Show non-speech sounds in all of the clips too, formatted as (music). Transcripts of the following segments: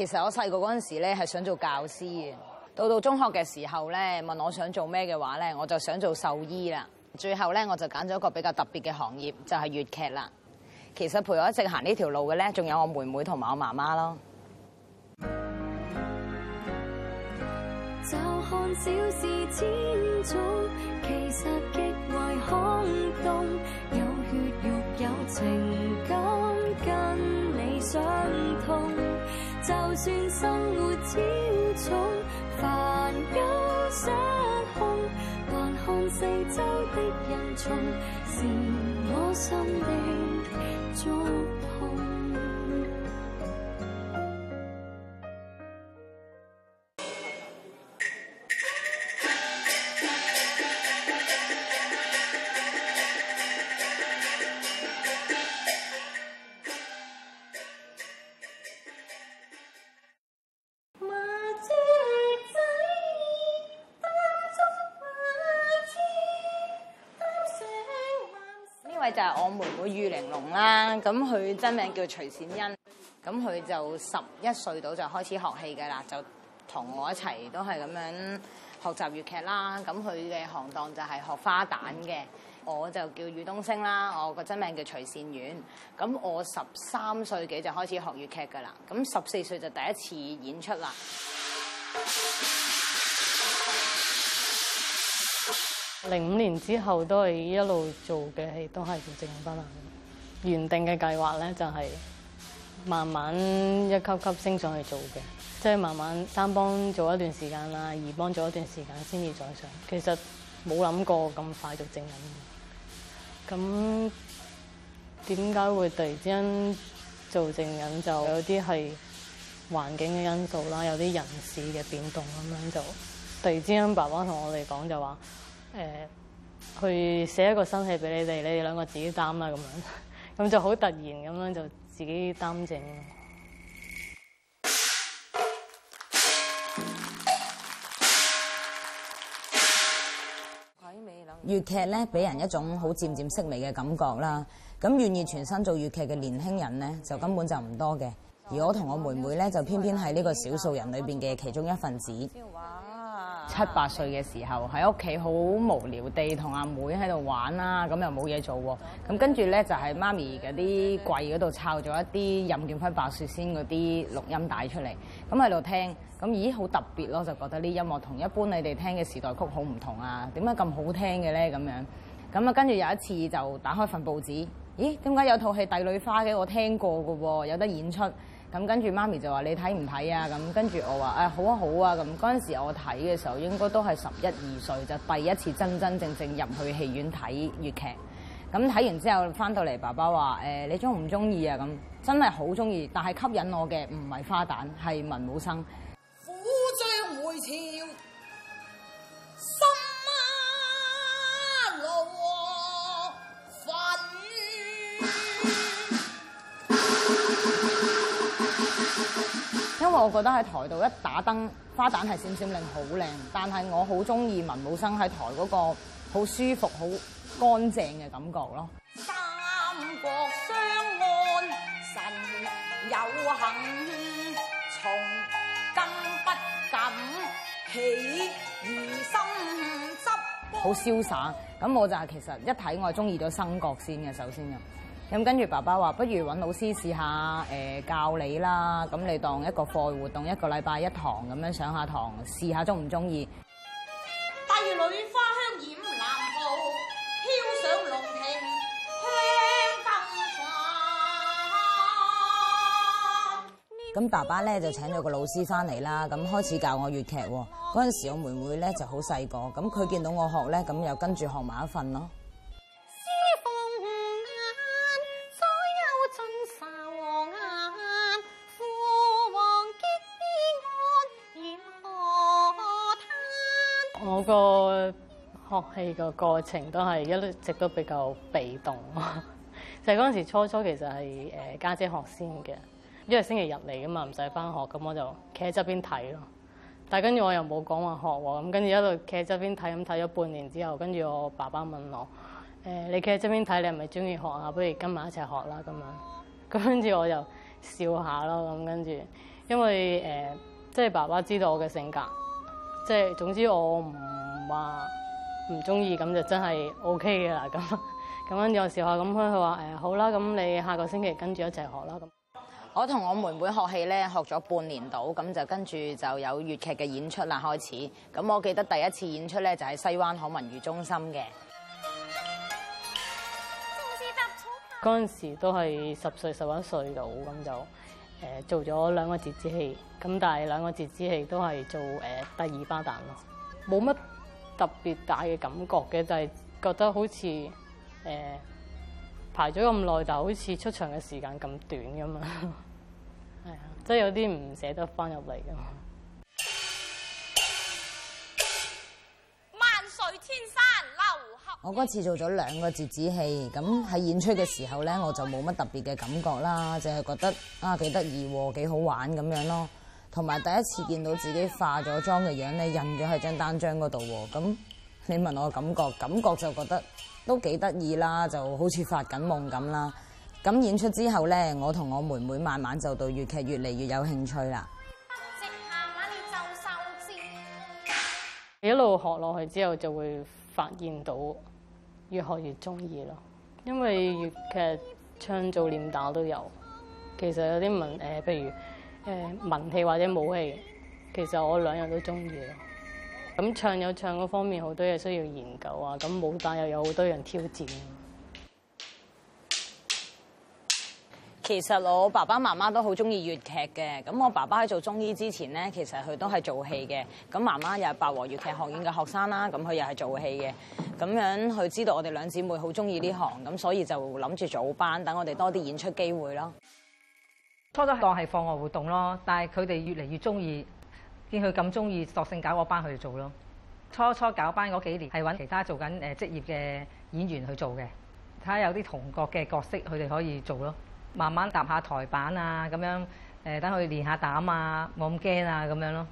其實我細個嗰陣時咧係想做教師嘅，到到中學嘅時候咧問我想做咩嘅話咧，我就想做獸醫啦。最後咧我就揀咗一個比較特別嘅行業，就係粵劇啦。其實陪我一直行呢條路嘅咧，仲有我妹妹同埋我媽媽咯。 (music) 就算生活超重，煩憂失控，還看四周的人群，是我心的痛。就係我妹妹于玲龍啦，咁佢真名叫徐倩殷，咁佢就十一歲到就開始學戲嘅啦，就同我一齊都係咁樣學習粵劇啦。咁佢嘅行當就係學花旦嘅，我就叫于東升啦，我個真名叫徐倩婉，咁我十三歲幾就開始學粵劇嘅啦，咁十四歲就第一次演出啦。零五年之後都係一路做嘅戲，都係做正印班啊。原定嘅計劃咧，就係慢慢一級級升上去做嘅，即係慢慢三幫做一段時間啦，二幫做一段時間先至再上。其實冇諗過咁快做正印。咁點解會突然之間做正印？就有啲係環境嘅因素啦，有啲人事嘅變動咁樣就突然之間，爸爸同我哋講就話。誒，去寫一個新戲俾你哋，你哋兩個自己擔啦咁樣，咁 (laughs) 就好突然咁樣就自己擔正粵劇咧，俾人一種好漸漸式微嘅感覺啦。咁願意全身做粵劇嘅年輕人咧，就根本就唔多嘅。而我同我妹妹咧，就偏偏喺呢個少數人裏邊嘅其中一份子。七八歲嘅時候喺屋企好無聊地同阿妹喺度玩啦，咁又冇嘢做喎、哦。咁跟住咧就係、是、媽咪嗰啲櫃嗰度抄咗一啲任劍輝、白雪仙嗰啲錄音帶出嚟，咁喺度聽。咁咦好特別咯，就覺得啲音樂同一般你哋聽嘅時代曲好唔同啊。點解咁好聽嘅咧？咁樣咁啊，跟住有一次就打開份報紙，咦？點解有套戲《帝女花》嘅我聽過㗎喎、哦，有得演出。咁跟住媽咪就話，你睇唔睇啊？咁跟住我話誒、哎、好啊好啊咁。嗰陣時我睇嘅時候應該都係十一二歲，就第一次真真正正入去戲院睇粵劇。咁、嗯、睇完之後翻到嚟，爸爸話誒、哎、你中唔中意啊？咁真係好中意，但係吸引我嘅唔係花旦，係文武生。虎將回朝。我覺得喺台度一打燈，花旦係閃閃亮好靚，但係我好中意文武生喺台嗰個好舒服、好乾淨嘅感覺咯。三國相安神有幸，從今不敢起疑心執。執好瀟灑，咁我就係其實一睇我係中意咗生角先嘅，首先嘅。咁跟住爸爸話，不如揾老師試下誒、呃、教你啦。咁、嗯、你當一個課外活動，一個禮拜一堂咁樣上下堂，試下中唔中意。帝女花香掩藍，飄上龍庭。咁爸爸咧就請咗個老師翻嚟啦。咁開始教我粵劇喎。嗰陣、啊、時我妹妹咧就好細個，咁佢見到我學咧，咁又跟住學埋一份咯。個學戲嘅過程都係一直都比較被動， (laughs) 就係嗰陣時初初其實係誒家姐學先嘅，因為星期日嚟噶嘛，唔使翻學，咁我就企喺側邊睇咯。但係跟住我又冇講話學喎，咁跟住一路企喺側邊睇，咁睇咗半年之後，跟住我爸爸問我：誒、呃，你企喺側邊睇，你係咪中意學啊？不如今晚一齊學啦咁樣。咁跟住我就笑下咯，咁跟住，因為誒、呃，即係爸爸知道我嘅性格，即係總之我唔。話唔中意咁就真係 O K 噶啦，咁咁樣有時候，咁佢佢話誒好啦，咁你下個星期跟住一齊學啦。咁我同我妹妹學戲咧學咗半年度，咁就跟住就有粵劇嘅演出啦開始。咁我記得第一次演出咧就喺、是、西灣河文娛中心嘅，嗰陣時都係十歲十一歲度，咁就誒、呃、做咗兩個折子戲，咁但係兩個折子戲都係做誒、呃、第二花旦咯冇乜。特別大嘅感覺嘅，就係、是、覺得好似誒、呃、排咗咁耐，就好似出場嘅時間咁短咁嘛，係 (laughs) 啊，即、就、係、是、有啲唔捨得翻入嚟嘅。萬水千山留客。我嗰次做咗兩個折子戲，咁喺演出嘅時候咧，我就冇乜特別嘅感覺啦，淨係覺得啊幾得意喎，幾好玩咁樣咯。同埋第一次見到自己化咗妝嘅樣咧，印咗喺張單張嗰度喎。咁你問我感覺，感覺就覺得都幾得意啦，就好似發緊夢咁啦。咁演出之後咧，我同我妹妹慢慢就對粵劇越嚟越有興趣啦。你一路學落去之後，就會發現到越學越中意咯。因為粵劇唱做、念打都有，其實有啲文誒、呃，譬如。誒文戲或者武戲，其實我兩樣都中意。咁唱有唱嗰方面好多嘢需要研究啊，咁武打又有好多人挑戰。其實我爸爸媽媽都好中意粵劇嘅。咁我爸爸喺做中醫之前呢，其實佢都係做戲嘅。咁媽媽又係八和粵劇學院嘅學生啦。咁佢又係做戲嘅。咁樣佢知道我哋兩姊妹好中意呢行，咁所以就諗住組班，等我哋多啲演出機會咯。初初當係課外活動咯，但係佢哋越嚟越中意，見佢咁中意索性搞個班佢哋做咯。初初搞班嗰幾年係揾其他做緊誒職業嘅演員去做嘅，睇下有啲同角嘅角色佢哋可以做咯。慢慢搭下台板啊，咁樣誒，等佢練下膽啊，冇咁驚啊，咁樣咯。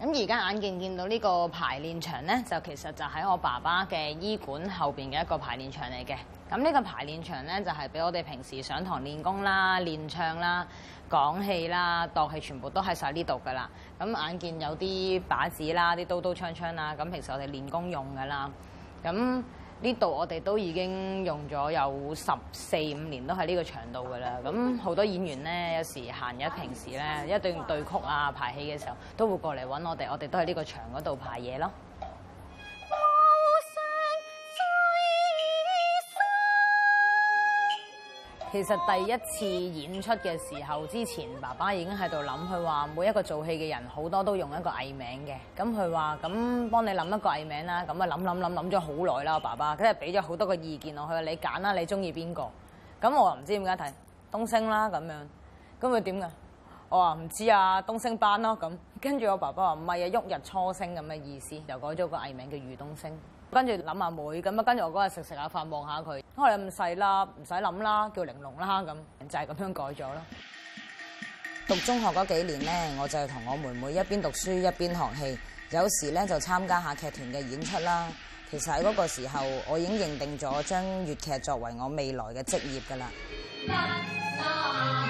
咁而家眼見見到呢個排練場咧，就其實就喺我爸爸嘅醫館後邊嘅一個排練場嚟嘅。咁呢個排練場咧，就係俾我哋平時上堂練功啦、練唱啦、講戲啦、度戲全部都喺晒呢度㗎喇。咁眼見有啲把子啦、啲刀刀槍槍啦，咁平時我哋練功用㗎喇。咁呢度我哋都已經用咗有十四五年都，都喺呢個場度噶啦。咁好多演員呢，有時閒日平時呢，一定對曲啊排戲嘅時候，都會過嚟揾我哋，我哋都喺呢個場嗰度排嘢咯。其實第一次演出嘅時候之前，爸爸已經喺度諗佢話每一個做戲嘅人好多都用一個藝名嘅，咁佢話咁幫你諗一個藝名啦，咁啊諗諗諗諗咗好耐啦，我爸爸，佢係俾咗好多個意見落去，你揀啦，你中意邊個？咁我唔知點解睇東升啦咁樣，咁佢點噶？我話唔知啊，東升班咯、啊、咁，跟住我爸爸話唔係啊，旭日初升咁嘅意思，又改咗個藝名叫余東升。」跟住諗阿妹咁啊，跟住我嗰日食食下飯望下佢，我哋咁細粒唔使諗啦，叫玲瓏啦咁，就係咁樣改咗啦。讀中學嗰幾年咧，我就係同我妹妹一邊讀書一邊學戲，有時咧就參加下劇團嘅演出啦。其實喺嗰個時候，我已經認定咗將粵劇作為我未來嘅職業㗎啦。 (music)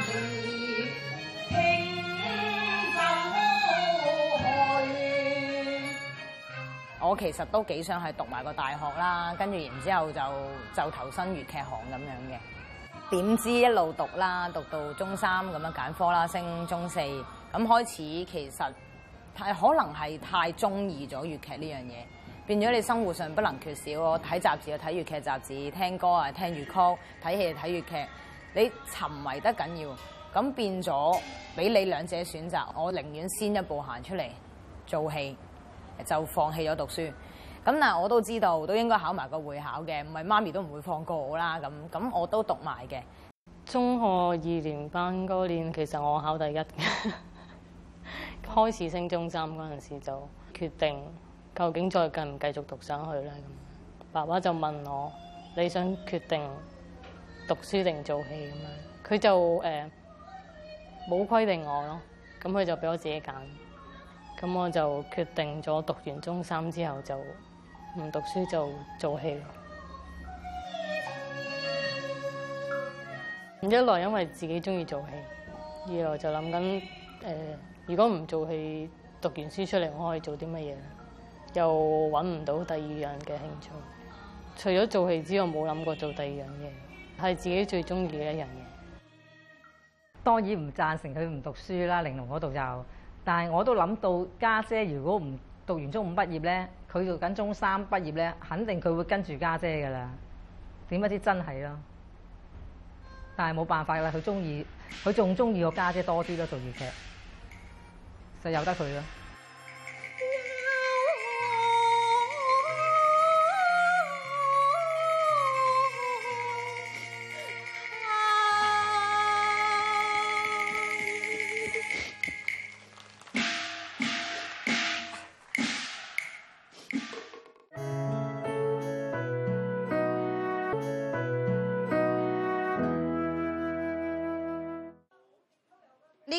我其實都幾想係讀埋個大學啦，跟住然之後就就投身粵劇行咁樣嘅。點知一路讀啦，讀到中三咁樣揀科啦，升中四咁開始，其實太可能係太中意咗粵劇呢樣嘢，變咗你生活上不能缺少。睇雜誌啊，睇粵劇雜誌，聽歌啊，聽粵曲，睇戲睇粵劇，你沉迷得緊要。咁變咗俾你兩者選擇，我寧願先一步行出嚟做戲。就放棄咗讀書，咁但係我都知道，都應該考埋個會考嘅，唔係媽咪都唔會放過我啦。咁咁我都讀埋嘅。中學二年班嗰年，其實我考第一嘅。 (laughs) 開始升中三嗰陣時，就決定究竟再繼唔繼續讀上去咧？咁爸爸就問我：你想決定讀書定做戲咁樣？佢就誒冇規定我咯，咁佢就俾我自己揀。咁我就決定咗讀完中三之後就唔讀書就做戲。一來因為自己中意做戲，二來就諗緊誒，如果唔做戲讀完書出嚟，我可以做啲乜嘢？又揾唔到第二樣嘅興趣。除咗做戲之外，冇諗過做第二樣嘢，係自己最中意嘅一樣嘢。當然唔贊成佢唔讀書啦，玲瓏嗰度就。但係我都諗到家姐如果唔讀完中五畢業咧，佢讀緊中三畢業咧，肯定佢會跟住家姐噶啦。點解知真係咯？但係冇辦法啦，佢中意，佢仲中意個家姐多啲咯，做粵劇，就由得佢咯。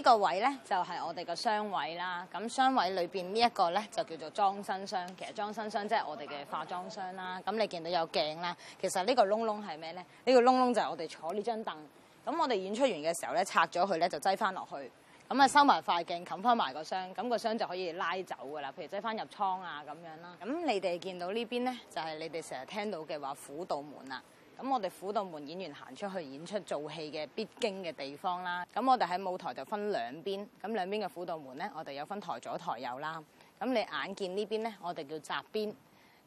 呢個位咧就係、是、我哋個箱位啦，咁箱位裏邊呢一個咧就叫做裝身箱，其實裝身箱即係我哋嘅化妝箱啦。咁你見到有鏡啦，其實個洞洞呢、呢個窿窿係咩咧？呢個窿窿就係我哋坐呢張凳，咁我哋演出完嘅時候咧拆咗佢咧就擠翻落去，咁啊收埋塊鏡，冚翻埋個箱，咁個箱就可以拉走噶啦。譬如擠翻入倉啊咁樣啦。咁你哋見到邊呢邊咧就係、是、你哋成日聽到嘅話虎度門啦。咁我哋虎度門，演員行出去演出做戲嘅必經嘅地方啦。咁我哋喺舞台就分兩邊，咁兩邊嘅虎度門咧，我哋有分台左台右啦。咁你眼見邊呢邊咧，我哋叫雜邊，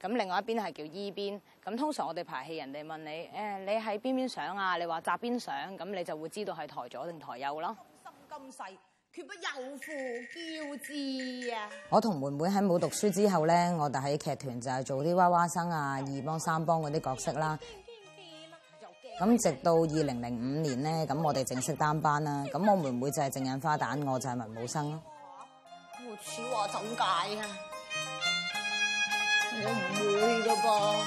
咁另外一邊係叫衣邊。咁通常我哋排戲，人哋問你誒、欸，你喺邊邊上啊？你話雜邊上，咁你就會知道係台左定台右咯。心咁細，決不猶負教子啊！我同妹妹喺冇讀書之後咧，我哋喺劇團就係做啲娃娃生啊、二幫三幫嗰啲角色啦。咁直到二零零五年咧，咁我哋正式擔班啦。咁我妹妹就係正印花旦，我就係文武生咯。冇錢話怎解啊？我唔會噶噃。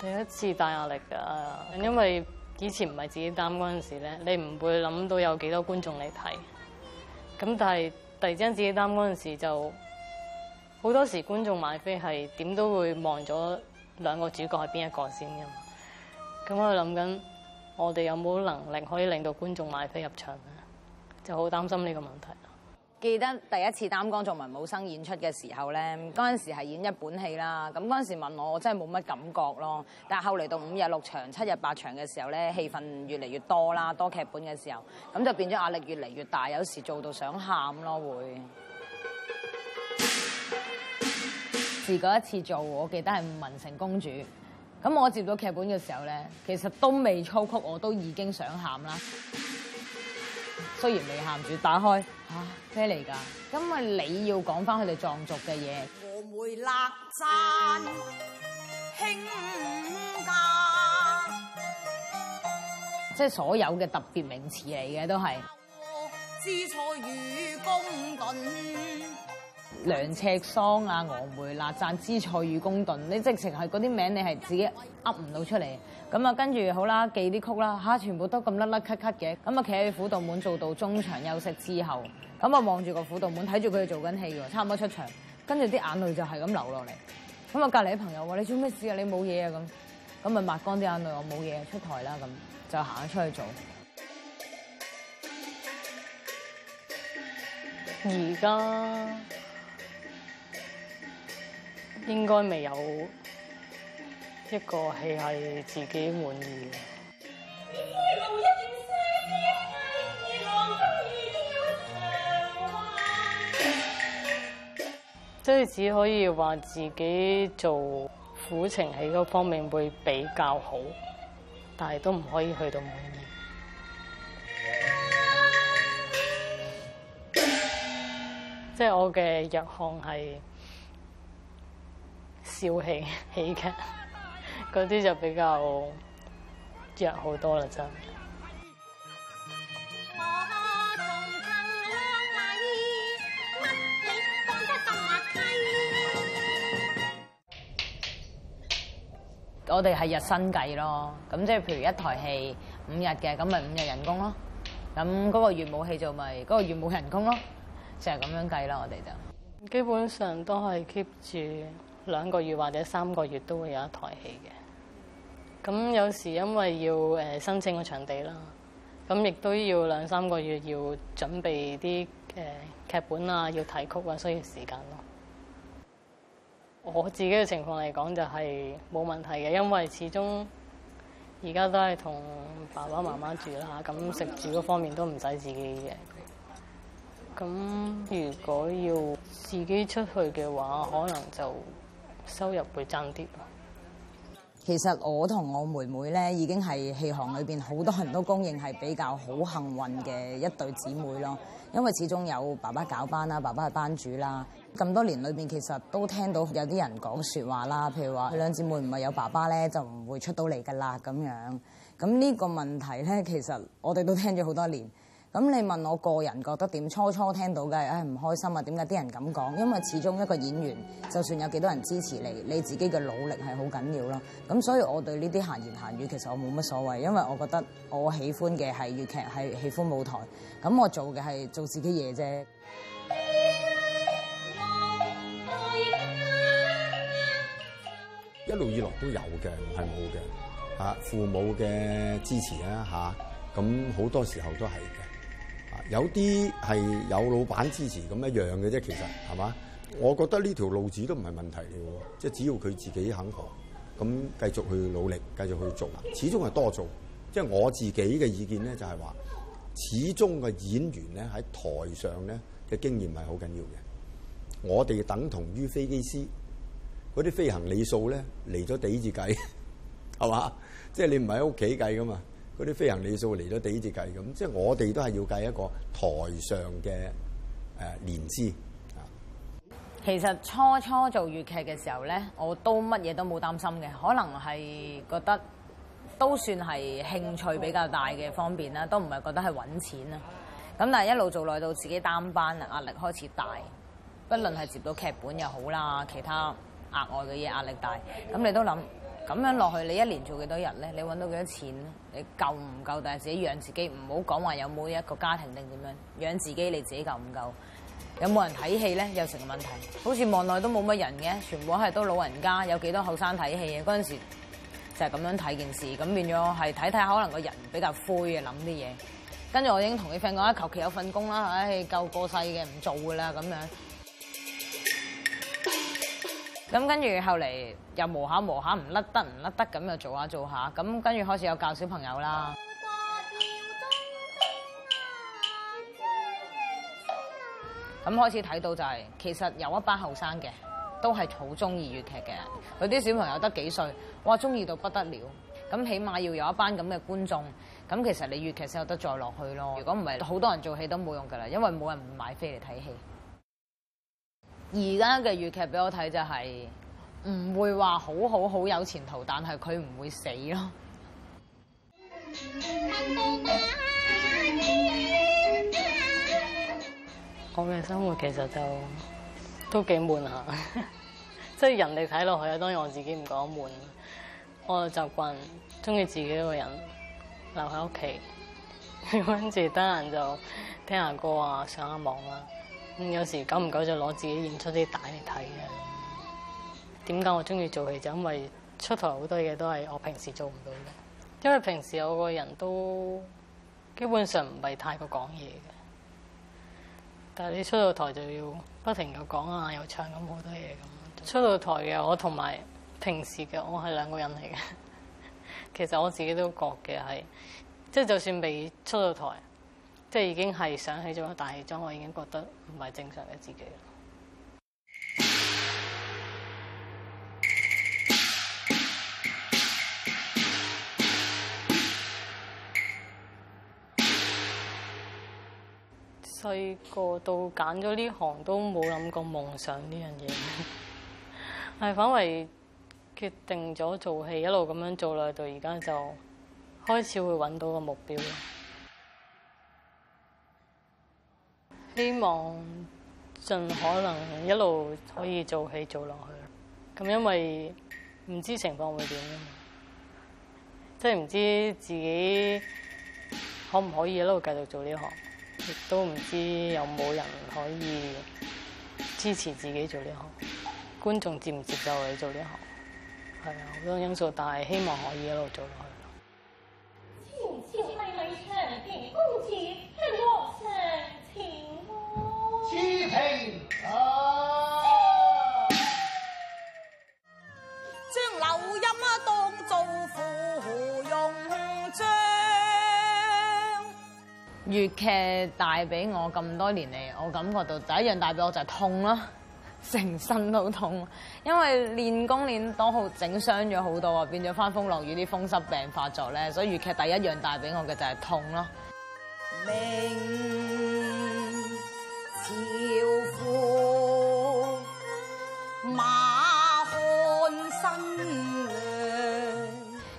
第一次大壓力噶，因為以前唔係自己擔嗰陣時咧，你唔會諗到有幾多觀眾嚟睇。咁但係突然間自己擔嗰陣時就。好多時觀眾買飛係點都會望咗兩個主角係邊一個先㗎嘛，咁我諗緊我哋有冇能力可以令到觀眾買飛入場咧，就好擔心呢個問題。記得第一次擔綱做文武生演出嘅時候咧，嗰陣時係演一本戲啦，咁嗰陣時問我，我真係冇乜感覺咯。但係後嚟到五日六場、七日八場嘅時候咧，戲份越嚟越多啦，多劇本嘅時候，咁就變咗壓力越嚟越大，有時做到想喊咯會。嗰一次做，我記得係《文成公主》。咁我接到劇本嘅時候咧，其實都未操曲，我都已經想喊啦。雖然未喊住，打開嚇咩嚟㗎？因、啊、為你要講翻佢哋藏族嘅嘢，和梅勒讚傾家，即係所有嘅特別名詞嚟嘅都係，知錯如公頓。梁赤桑啊，峨眉、辣讚、知菜與公鈍，你直情係嗰啲名，你係自己噏唔到出嚟。咁、嗯、啊，跟住好啦，記啲曲啦，嚇全部都咁甩甩咳咳嘅。咁啊，企喺虎度門做到中場休息之後，咁啊望住個虎度門，睇住佢做緊戲喎，差唔多出場，跟住啲眼淚就係咁流落嚟。咁啊，隔離啲朋友話：你做咩事啊？你冇嘢啊咁。咁啊，抹乾啲眼淚，我冇嘢，出台啦咁，就行咗出去做。而家。 (music) 應該未有一個戲係自己滿意嘅，即係只可以話自己做苦情戲嗰方面會比較好，但係都唔可以去到滿意。即係我嘅弱項係，笑戲喜劇嗰啲就比較弱好多啦，真。我同 (noise) 我哋係日薪計咯，咁即係譬如一台戲五日嘅，咁咪五日人工咯。咁嗰個月冇戲就咪嗰個月冇人工咯，就係、是、咁樣計啦。我哋就基本上都係 keep 住。兩個月或者三個月都會有一台戲嘅，咁有時因為要誒、呃、申請個場地啦，咁亦都要兩三個月要準備啲誒、呃、劇本啊，要題曲啊，需要時間咯、啊。我自己嘅情況嚟講就係冇問題嘅，因為始終而家都係同爸爸媽媽住啦，咁食住嗰方面都唔使自己嘅。咁如果要自己出去嘅話，可能就～收入會爭啲。其實我同我妹妹咧，已經係戲行裏邊好多人都公認係比較好幸運嘅一對姊妹咯。因為始終有爸爸搞班啦，爸爸係班主啦。咁多年裏邊其實都聽到有啲人講說話啦，譬如話佢兩姊妹唔係有爸爸咧，就唔會出到嚟噶啦咁樣，咁呢個問題咧，其實我哋都聽咗好多年。咁你問我個人覺得點？初初聽到嘅，唉唔開心啊！點解啲人咁講？因為始終一個演員，就算有幾多人支持你，你自己嘅努力係好緊要咯。咁所以我對呢啲閒言閒語其實我冇乜所謂，因為我覺得我喜歡嘅係粵劇，係喜歡舞台。咁我做嘅係做自己嘢啫。一路以來都有嘅，唔係冇嘅。啊，父母嘅支持啊，嚇咁好多時候都係嘅。有啲係有老闆支持咁一樣嘅啫，其實係嘛？我覺得呢條路子都唔係問題嘅喎，即係只要佢自己肯學，咁繼續去努力，繼續去做，始終係多做。即係我自己嘅意見咧，就係話，始終嘅演員咧，喺台上咧嘅經驗係好緊要嘅。我哋等同於飛機師，嗰啲飛行理數咧，離咗地至計，係嘛？即係你唔係喺屋企計噶嘛？嗰啲飛行里數嚟到地字計，咁，即係我哋都係要計一個台上嘅誒年資啊。其實初初做粵劇嘅時候咧，我都乜嘢都冇擔心嘅，可能係覺得都算係興趣比較大嘅方面啦，都唔係覺得係揾錢啦。咁但係一路做耐到自己擔班啊，壓力開始大，不論係接到劇本又好啦，其他額外嘅嘢壓力大，咁你都諗。咁樣落去，你一年做幾多日咧？你揾到幾多錢？你夠唔夠？但係自己養自己，唔好講話有冇一個家庭定點樣養自己，你自己夠唔夠？有冇人睇戲咧？又成個問題。好似望落都冇乜人嘅，全部都係都老人家，有幾多後生睇戲嘅？嗰陣時就係咁樣睇件事，咁變咗係睇睇可能個人比較灰嘅諗啲嘢。跟住我已經同佢傾講啦，求、啊、其有份工啦，唉、哎，夠過世嘅唔做㗎啦咁樣。咁跟住後嚟又磨下磨下，唔甩得唔甩得，咁又做下做下，咁跟住開始有教小朋友啦。咁、啊、開始睇到就係、是、其實有一班後生嘅都係好中意粵劇嘅，佢啲小朋友得幾歲，哇，中意到不得了。咁起碼要有一班咁嘅觀眾，咁其實你粵劇先有得再落去咯。如果唔係，好多人做戲都冇用噶啦，因為冇人唔買飛嚟睇戲。而家嘅粵劇俾我睇就係唔會話好好好有前途，但係佢唔會死咯。我嘅生活其實就都幾悶 (laughs) 啊，即係人哋睇落去啊。當然我自己唔覺得悶，我就習慣中意自己一個人留喺屋企，跟住得閒就聽下歌啊，上下網啊。咁有時久唔久就攞自己演出啲帶嚟睇嘅。點解我中意做戲就因為出台好多嘢都係我平時做唔到嘅。因為平時我個人都基本上唔係太過講嘢嘅，但係你出到台就要不停又講啊又唱咁好多嘢咁。出到台嘅我同埋平時嘅我係兩個人嚟嘅。其實我自己都覺嘅係，即係就算未出到台。即係已經係想起咗個大戲裝，我已經覺得唔係正常嘅自己。細個到揀咗呢行都冇諗過夢想呢樣嘢，係 (laughs) 反為決定咗做戲，一路咁樣做落到而家就開始會揾到個目標。希望盡可能一路可以做戲做落去，咁因為唔知情況會點啊嘛，即係唔知自己可唔可以一路繼續做呢行，亦都唔知有冇人可以支持自己做呢行，觀眾接唔接受你做呢行，係啊好多因素，但係希望可以一路做落去。用章粵劇帶俾我咁多年嚟，我感覺到第一樣帶俾我就係痛咯，成身都痛，因為練功練多好，整傷咗好多啊，變咗翻風落雨啲風濕病發作咧，所以粵劇第一樣帶俾我嘅就係痛咯。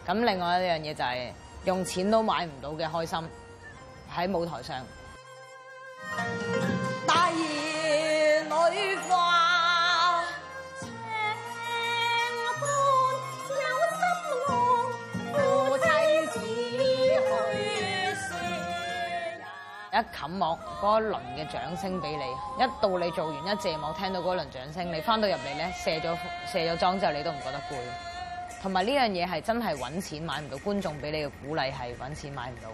咁另外一樣嘢就係用錢都買唔到嘅開心，喺舞台上。大兒女話，情多有心愛，夫妻子去。」線。一冚幕嗰一輪嘅掌聲俾你，一到你做完一謝幕聽到嗰輪掌聲，你翻到入嚟咧，卸咗卸咗妝之後，你都唔覺得攰。同埋呢樣嘢係真係揾錢買唔到，觀眾俾你嘅鼓勵係揾錢買唔到。